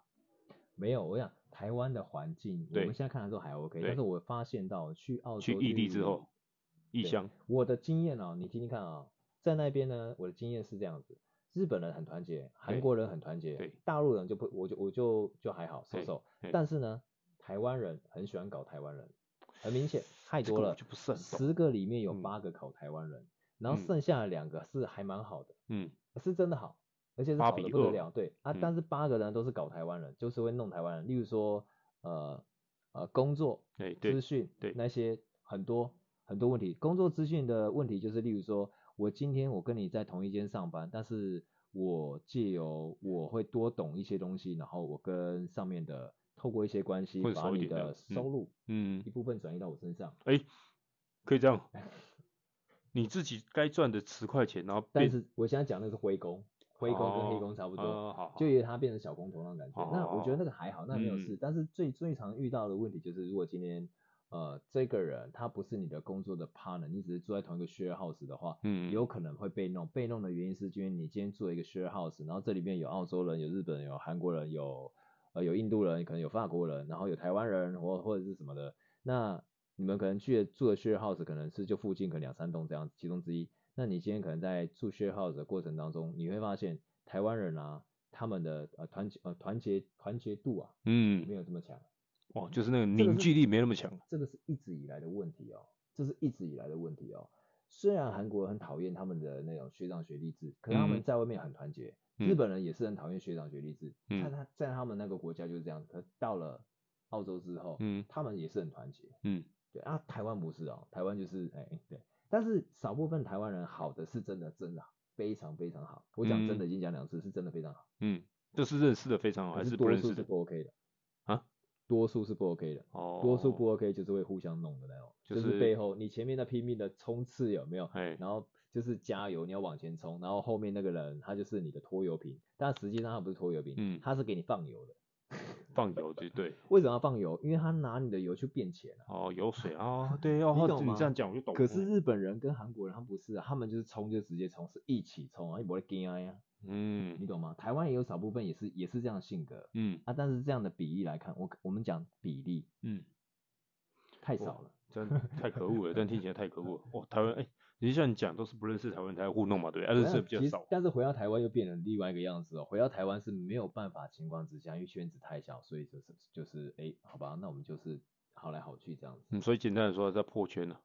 沒有，我想台灣的環境對，我們現在看的時候還 OK，但是我發現到去澳洲去異地之後，異鄉，我的經驗哦、啊，你聽聽看啊，在那邊呢，我的經驗是這樣子。日本人很團結，韓國人很團結，大陸人就不，我就我就就還好，瘦瘦。但是呢，台灣人很喜歡搞台灣人，很明顯太多了，十、這個、個裡面有八個搞台灣人、嗯，然後剩下的兩個是還蠻好的，嗯，是真的好，而且是好的不得了，對啊、嗯，但是八個人都是搞台灣人，就是會弄台灣人，例如說，呃呃，工作，對資訊，對,對,對那些很多很多問題，工作資訊的問題就是例如說。我今天我跟你在同一間上班，但是我借由我會多懂一些東西，然後我跟上面的透過一些關係，把你的收入，嗯，嗯一部分轉移到我身上。哎、欸，可以這樣， 你自己該賺的十塊錢，然後但是我現在講的是灰工，灰工跟黑工差不多，就、啊啊、就以為它變成小工頭那種感覺好好。那我覺得那個還好，那沒有事。嗯、但是最最常遇到的問題就是，如果今天。呃，這個人他不是你的工作的 partner，你只是住在同一個 share house 的話，嗯，有可能會被弄。被弄的原因是，因為你今天住了一個 share house，然後這裡面有澳洲人、有日本人、有韓國人、有呃有印度人，可能有法國人，然後有台灣人或或者是什麼的。那你們可能去住的 share house 可能是就附近可能兩三棟這樣其中之一。那你今天可能在住 share house 的過程當中，你會發現台灣人啊，他們的呃團結呃團結團結度啊，嗯，沒有這麼強。嗯哦，就是那個凝聚力沒那麼強，這個，這個是一直以來的問題哦，這是一直以來的問題哦。雖然韓國很討厭他們的那種學長學弟制，可他們在外面很團結，嗯。日本人也是很討厭學長學弟制，嗯，在他在他們那個國家就是這樣子，可到了澳洲之後，嗯，他們也是很團結，嗯，嗯對啊，台灣不是哦，台灣就是哎、欸、對，但是少部分台灣人好的是真的真的非常非常好，我講真的，嗯、已經講兩次是真的非常好，嗯，就是認識的非常好還是不認識的不 OK 的。多數是不 OK 的，oh, 多數不 OK 就是會互相弄的那種，就是、就是、背後你前面在拼命的衝刺有沒有？Hey. 然後就是加油，你要往前衝，然後後面那個人他就是你的拖油瓶，但實際上他不是拖油瓶、嗯，他是給你放油的。放油對對，為什麼要放油？因為他拿你的油去變錢哦，油水啊，對，哦，哦哦 你懂嗎，這樣講我就懂。可是日本人跟韓國人他不是、啊，他們就是衝就直接衝，是一起衝啊，我的的幹啊嗯，你懂嗎？台灣也有少部分也是也是這樣的性格。嗯，啊，但是這樣的比例來看，我我們講比例，嗯，太少了，真的，太可惡了， 真的聽起來太可惡了。哇，台灣哎。欸其實像你講都是不認識台灣，人才會互動嘛，對不對？認識比較少。但是回到台灣又變成另外一個樣子哦、喔。回到台灣是沒有辦法情況之下，因為圈子太小，所以是就是就是哎，好吧，那我們就是好來好去這樣子。嗯、所以簡單的說在破圈了、啊。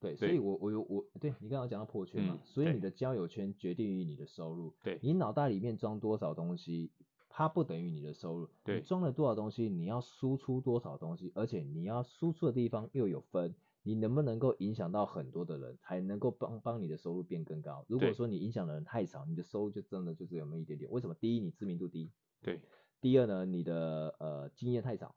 對，所以我我有我對你剛剛講到破圈嘛、嗯，所以你的交友圈決定於你的收入。對，你腦袋裡面裝多少東西，它不等於你的收入。對，你裝了多少東西，你要輸出多少東西，而且你要輸出的地方又有分。你能不能夠影響到很多的人，才能夠幫幫你的收入變更高？如果說你影響的人太少，你的收入就真的就是有那麼一點點。為什麼？第一，你知名度低；對，第二呢，你的呃經驗太少；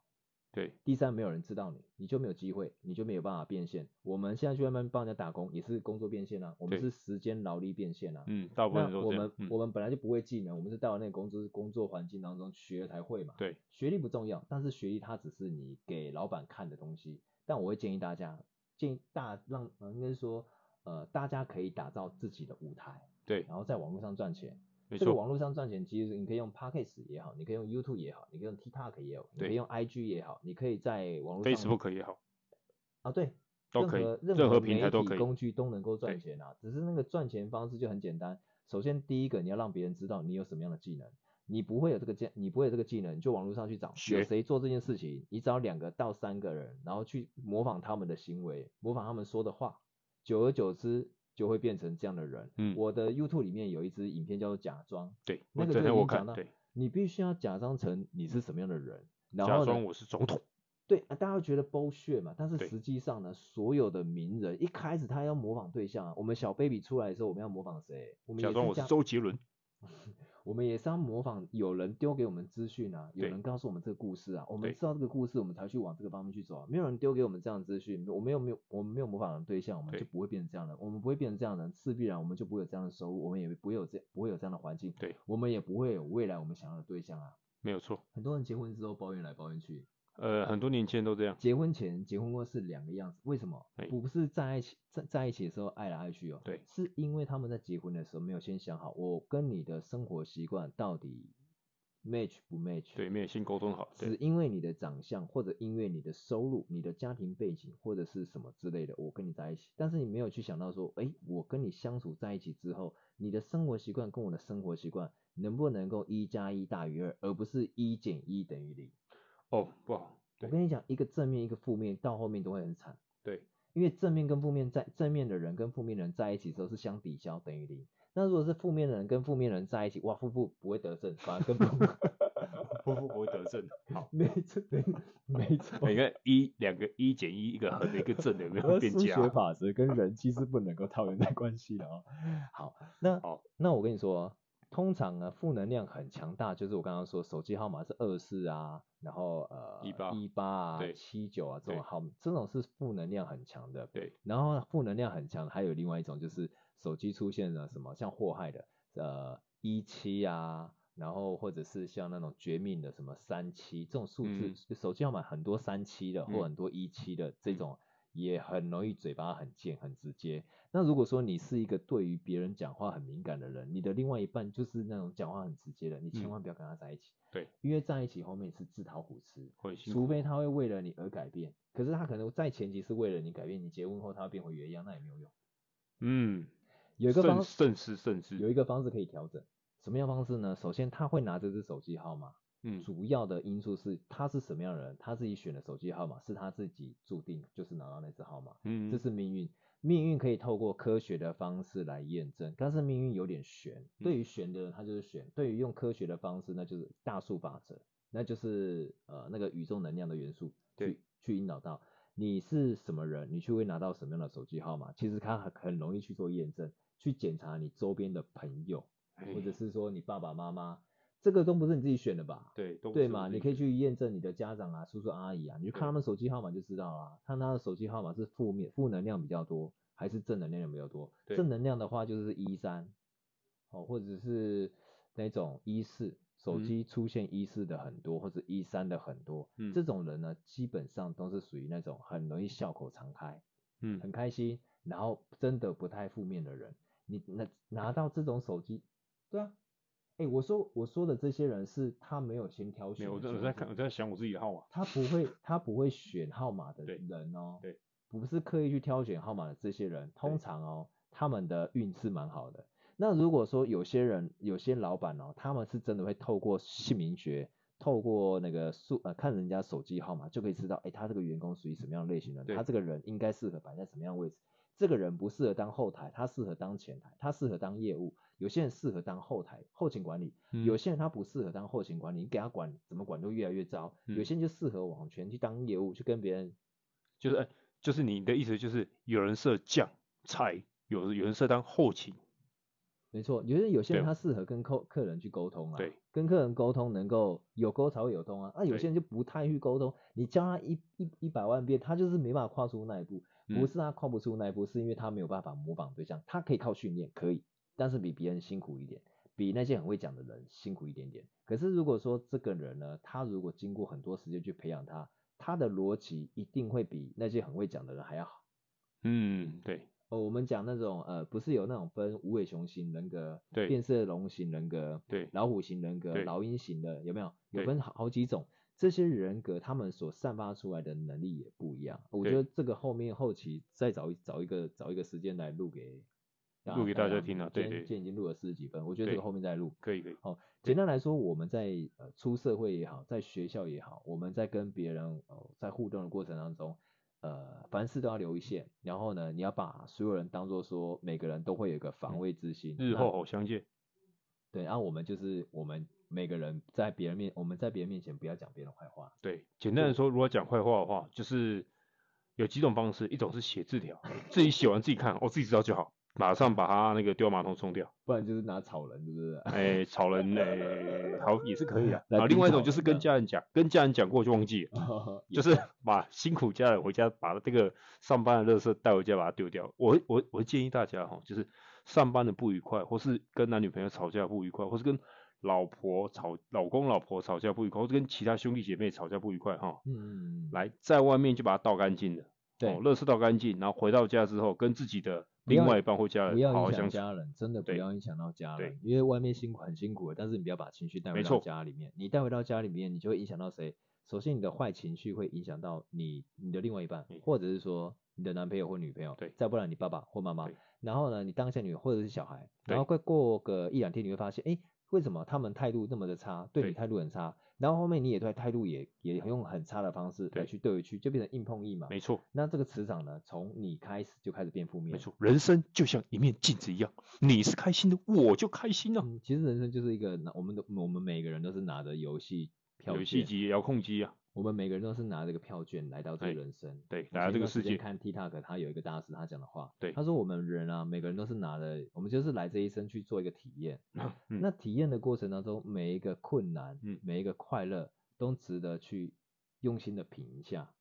對，第三，沒有人知道你，你就沒有機會，你就沒有辦法變現。我們現在去外面幫人家打工，也是工作變現啊，我們是時間勞力變現啊。嗯，我們、嗯、我們本來就不會技能，我們是到那個工資、嗯、工作環境當中學才會嘛。對，學歷不重要，但是學歷它只是你給老闆看的東西。但我會建議大家。建議大讓，應該、嗯、就是、說，呃，大家可以打造自己的舞台，對，然後在網絡上賺錢。沒錯，這個網絡上賺錢，其實你可以用 Podcast 也好，你可以用 YouTube 也好，你可以用 TikTok 也好，你可以用 IG 也好，你可以在網絡上。Facebook 也好。啊，對。都可以。任何任何媒體任何平台都可以。工具都能夠賺錢啊，只是那個賺錢方式就很簡單。首先，第一個你要讓別人知道你有什麼樣的技能。你不會有這個技，你不會有這個技能，就網絡上去找學，有誰做這件事情，你找兩個到三個人，然後去模仿他們的行為，模仿他們說的話，久而久之就會變成這樣的人。嗯。我的 YouTube 裡面有一支影片叫做《假裝》，對，那個影片我看到，你必須要假裝成你是什麼樣的人，嗯、然後呢假裝我是總統。對，大家覺得 bullshit 嘛，但是實際上呢，所有的名人一開始他要模仿對象，我們小 baby 出來的時候，我們要模仿誰？我們假裝我是周杰倫。 我們也是要模仿，有人丟給我們資訊啊，有人告訴我們這個故事啊，我們知道這個故事，我們才去往這個方面去走啊。沒有人丟給我們這樣的資訊，我們沒有，我們沒，沒有模仿的對象，我們就不會變成這樣的。我們不會變成這樣的，是必然，我們就不會有這樣的收入，我們也不會有這，不會有這樣的環境。對，我們也不會有未來我們想要的對象啊。沒有錯。很多人結婚之後抱怨來抱怨去。呃，很多年輕人都這樣。結婚前，結婚後是兩個樣子，為什麼？欸、不是在一起，在在一起的時候愛來愛去哦、喔。對。是因為他們在結婚的時候沒有先想好，我跟你的生活習慣到底 match 不 match？對，沒有先溝通好。是因為你的長相，或者因為你的收入，你的家庭背景，或者是什麼之類的，我跟你在一起，但是你沒有去想到說，哎、欸，我跟你相處在一起之後，你的生活習慣跟我的生活習慣能不能夠一加一大於二，而不是一減一等於零。哦，不好。我跟你講，一個正面，一個負面，到後面都會很慘。對，因為正面跟負面，在正面的人跟負面的人在一起之後是相抵消，等於零。那如果是負面的人跟負面的人在一起，哇，負負不會得正，反而更負。負 負不，不會得正。 好 沒沒沒，沒錯，沒錯。你看一兩個一減一，一個和一個正的，沒有變加。數 學法則跟人其實不能夠套用在關係哦。 好，那好，那我跟你說。通常呢負能量很強大，就是我剛剛說，手機號碼是二四啊，然後呃一八啊，七九啊這種號，這種是負能量很強的。對，然後負能量很強，還有另外一種就是手機出現了什麼像禍害的，呃一七啊，然後或者是像那種絕命的什麼三七，這種數字，嗯、就手機號碼很多三七的或很多一七的這種。嗯嗯也很容易嘴巴很賤，很直接。那如果說你是一個對於別人講話很敏感的人，你的另外一半就是那種講話很直接的，你千萬不要跟他在一起。嗯、對，因為在一起後面是自討苦吃，會，除非他會為了你而改變。可是他可能在前期是為了你改變，你結婚後他會變回原樣，那也沒有用。嗯，有一個方，式，有一個方式可以調整。什麼樣方式呢？首先他會拿這支手機號碼。主要的因素是他是什麼樣的人，他自己選的手機號碼是他自己注定就是拿到那支號碼，嗯，這是命運。命運可以透過科學的方式來驗證，但是命運有點玄。對於玄的人，他就是玄；對於用科學的方式，那就是大數法則，那就是呃那個宇宙能量的元素去去引導到你是什麼人，你就會拿到什麼樣的手機號碼。其實他很很容易去做驗證，去檢查你周邊的朋友或者是說你爸爸媽媽。這個都不是你自己選的吧？對，都對嘛，你可以去驗證你的家長啊、叔叔阿姨啊，你就看他們手機號碼就知道了、啊。看他的手機號碼是負面、負能量比較多，還是正能量比較多？正能量的話就是一三，哦，或者是那種一四，手機出現一四的很多，嗯、或者一三的很多、嗯，這種人呢，基本上都是屬於那種很容易笑口常開，嗯，很開心，然後真的不太負面的人。你拿、嗯、拿到這種手機，嗯、對啊。哎、欸，我說我說的這些人是他沒有先挑選，我在我在看我在想我自己的號碼， 他不會他不會選號碼的人哦對對，不是刻意去挑選號碼的這些人，通常哦他們的運勢是蠻好的。那如果說有些人有些老闆哦，他們是真的會透過姓名學，透過那個數呃看人家手機號碼就可以知道，哎、欸、他這個員工屬於什麼樣類型的人，他這個人應該適合擺在什麼樣的位置，這個人不適合當後台，他適合當前台，他適合當業務。有些人適合當後台，後勤管理、嗯，有些人他不適合當後勤管理，你給他管怎麼管都越來越糟。嗯、有些人就適合往前去當業務，去跟別人，就是，就是你的意思就是有人設將才，有有人設當後勤。嗯、沒錯，有些人他適合跟客客人去溝通啊，對，跟客人溝通能夠有溝才會有通啊。那、啊、有些人就不太去溝通，你教他一一一百萬遍，他就是沒辦法跨出那一步、嗯。不是他跨不出那一步，是因為他沒有辦法模仿對象，他可以靠訓練，可以。但是比別人辛苦一點，比那些很會講的人辛苦一點點。可是如果說這個人呢，他如果經過很多時間去培養他，他的邏輯一定會比那些很會講的人還要好。嗯，對。哦，我們講那種呃，不是有那種分無尾熊型人格，對，變色龍型人格，對，老虎型人格，老鷹型的，有沒有？有分好幾種。這些人格他們所散發出來的能力也不一樣。哦，我覺得這個後面後期再找一，找一個，找一個時間來錄給。錄、啊、給大家聽了、啊，對對，對，現在已經錄了四十幾分，我覺得這個後面再錄，可以可以。好、哦，簡單來說，我們在、呃、出社會也好，在學校也好，我們在跟別人、呃、在互動的過程當中，呃，凡事都要留一線。然後呢，你要把所有人當做說每個人都會有一個防衛之心，嗯、日後好相見。對，然、啊、後我們就是我們每個人在別人面，我們在別人面前不要講別人壞話。對，簡單的說，如果講壞話的話，就是有幾種方式，一種是寫字條，自己寫完自己看，我、 哦、自己知道就好。馬上把它，那個丟馬桶沖掉，不然就是拿草人是，啊，是不是？哎，草人嘞、 欸，好也是可以的、啊。另外一種就是跟家人講，跟家人講過就忘記了， 就是把辛苦家人回家把這個上班的垃圾帶回家把它丟掉。我我我建議大家哈，就是上班的不愉快，或是跟男女朋友吵架不愉快，或是跟老婆吵，老公老婆吵架不愉快，或是跟其他兄弟姐妹吵架不愉快哈，嗯。來，在外面就把它倒乾淨了。對，哦，垃圾倒乾淨，然後回到家之後跟自己的。另外一半或家人好好，不要影響家人，真的不要影響到家人。對，因為外面辛苦很辛苦，但是你不要把情緒帶回到家裡面。你帶回到家裡面，你就會影響到誰？首先，你的壞情緒會影響到你你的另外一半，或者是說你的男朋友或女朋友。對，再不然你爸爸或媽媽。然後呢，你當下女或者是小孩。然後快過個一兩天，你會發現，哎、欸。為什麼他們態度那麼的差？對你態度很差，然後後面你也對態度也也用很差的方式來去對回去。對，就變成硬碰硬嘛。沒錯。那這個磁場呢，從你開始就開始變負面。沒錯。人生就像一面鏡子一樣，你是開心的，我就開心了。啊嗯。其實人生就是一個拿我們的我們每個人都是拿着遊戲遊戲機遙控機啊。我們每個人都是拿這個票券來到這個人生，哎、對，來到這個世界。我看 TikTok，他有一個大師，他講的話，對，他說我們人啊，每個人都是拿了，我們就是來這一生去做一個體驗、啊嗯。那體驗的過程當中，每一個困難，嗯、每一個快樂，都值得去用心的品一下，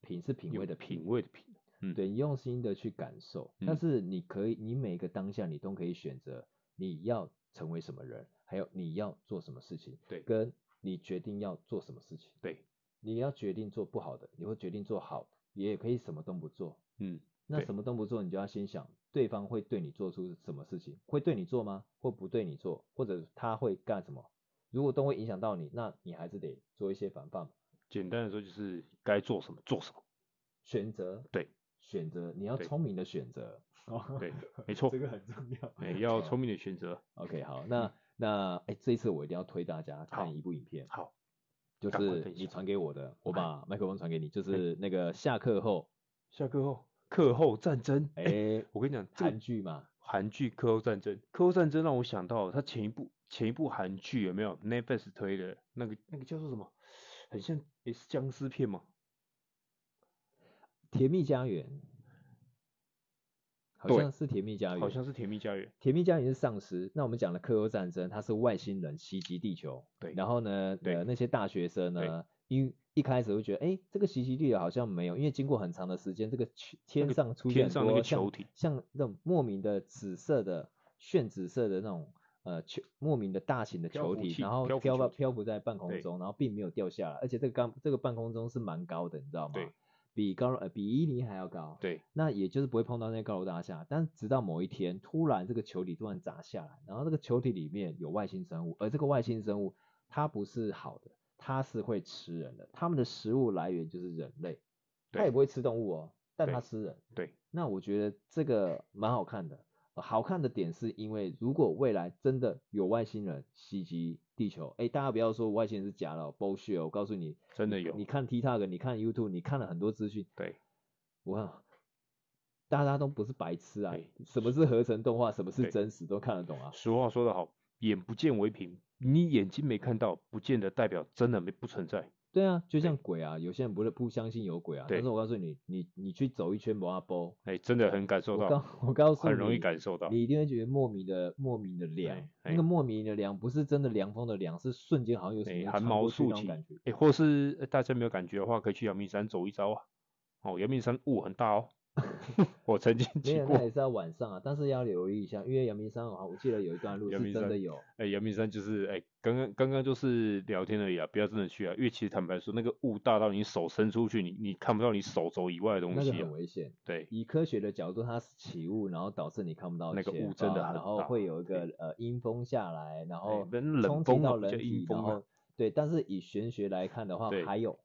品是品味的品，味的品、嗯，對，用心的去感受、嗯。但是你可以，你每一個當下，你都可以選擇你要成為什麼人，還有你要做什麼事情，對，跟你決定要做什麼事情，對。你要決定做不好的，你會決定做好，也，也可以什麼都不做。嗯，那什麼都不做，你就要先想對方會對你做出什麼事情，會對你做嗎？或不對你做，或者他會幹什麼？如果都會影響到你，那你還是得做一些防範。簡單的說就是該做什麼做什麼，選擇，對，選擇，你要聰明的選擇。哦，對，沒錯， 這個很重要。對、嗯，要聰明的選擇。OK，好，那那哎、欸，這一次我一定要推大家看一部影片。好。就是你傳給我的，我把麥克風傳給你。就是那個下課後，下課後課後戰爭。哎、欸欸，我跟你講，韓劇嘛，韓劇課後戰爭，課後戰爭讓我想到他前一部，前一部韓劇有沒有，Netflix 推的那個那個叫做什麼？很像也、欸、是殭屍片嗎？甜蜜家園。好像是甜蜜家園，好像是甜蜜家園。甜蜜家園是喪屍，那我們講的課後戰爭，它是外星人襲擊地球。對。然後呢，呃，那些大學生呢，因一開始會覺得，哎，這個襲擊地好像沒有，因為經過很長的時間，這個天天上出現很多、那個，個球體像像那種莫名的紫色的、炫紫色的那種呃球，莫名的大型的球體，然後飄飄浮，飄浮在半空中，然後並沒有掉下來，而且這個剛這個半空中是蠻高的，你知道嗎？對。比高呃比伊尼還要高，對，那也就是不會碰到那些高樓大廈。但是直到某一天，突然這個球體突然砸下來，然後這個球體裡面有外星生物，而這個外星生物它不是好的，它是會吃人的，它們的食物來源就是人類，它也不會吃動物哦，但它吃人。對，對對，那我覺得這個蠻好看的。好看的點是因為，如果未來真的有外星人襲擊地球，哎、欸，大家不要說外星人是假的，bullshit，我告訴你，真的有。你看 TikTok，你看 YouTube，你看了很多資訊。對。我看，大家都不是白痴啊，什麼是合成動畫，什麼是真實，都看得懂啊。俗話說得好，眼不見為憑，你眼睛沒看到，不見得代表真的沒不存在。對啊，就像鬼啊，欸、有些人不是不相信有鬼啊，但是我告訴你，你你，你去走一圈墓仔埔，哎、欸，真的很感受到，我告訴你，很容易感受到，你，你一定會覺得莫名的莫名的涼、欸，那個莫名的涼不是真的涼風的涼，是瞬間好像有什麼、欸、寒毛豎起的感覺，哎、欸，或是大家沒有感覺的話，可以去陽明山走一遭啊，哦，陽明山霧、哦、很大哦。 我曾經去霧，沒有，那也是要晚上啊，但是要留意一下，因為陽明山的話，我記得有一段路是真的有。哎， 陽、欸、明山就是哎、欸，剛剛剛剛就是聊天而已啊，不要真的去啊，因為其實坦白說，那個霧大到你手伸出去，你你看不到你手肘以外的東西、啊那個、很危險。對，以科學的角度，它是起霧，然後導致你看不到那個霧真的很大。啊、然後會有一個、欸、呃陰風下來，然後冷風到人體，欸風陰風啊、然後對，但是以玄學來看的話，還有。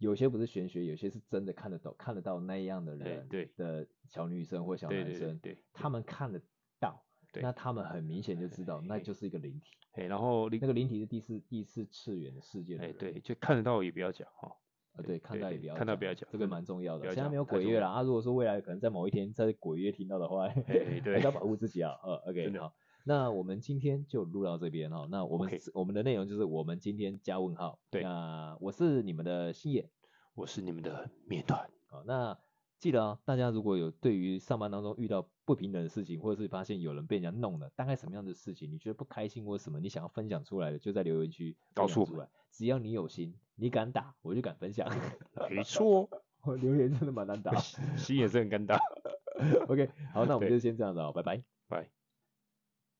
有些不是玄學，有些是真的看得懂、看得到那樣的人，對的小女生或小男生，對，對，他們看得到，那他們很明顯就知道，那就是一個靈體，嘿，然後那個靈體是第四、第四次元的世界的，對，對，對，就看得到也不要講哈，啊、喔，對，對，對，對，看到也不要講，看到不要講，這個蠻重要的，現、嗯、在沒有鬼月了，啊，如果說未來可能在某一天在鬼月聽到的話，嘿，嘿嘿。還是要保護自己啊，呃，OK，好。喔 okay, 那我們今天就錄到這邊哈，那我們、okay. 我們的內容就是我們今天加問號。那我是你們的星野，我是你們的麵團。那記得啊、哦，大家如果有對於上班當中遇到不平等的事情，或者是發現有人被人家弄了，大概什麼樣的事情？你覺得不開心或什麼？你想要分享出來的，就在留言區打出來告訴我。只要你有心，你敢打，我就敢分享。 沒錯，我留言真的蠻難打，星野是很敢打。 OK，好，那我們就先這樣子，拜拜。拜。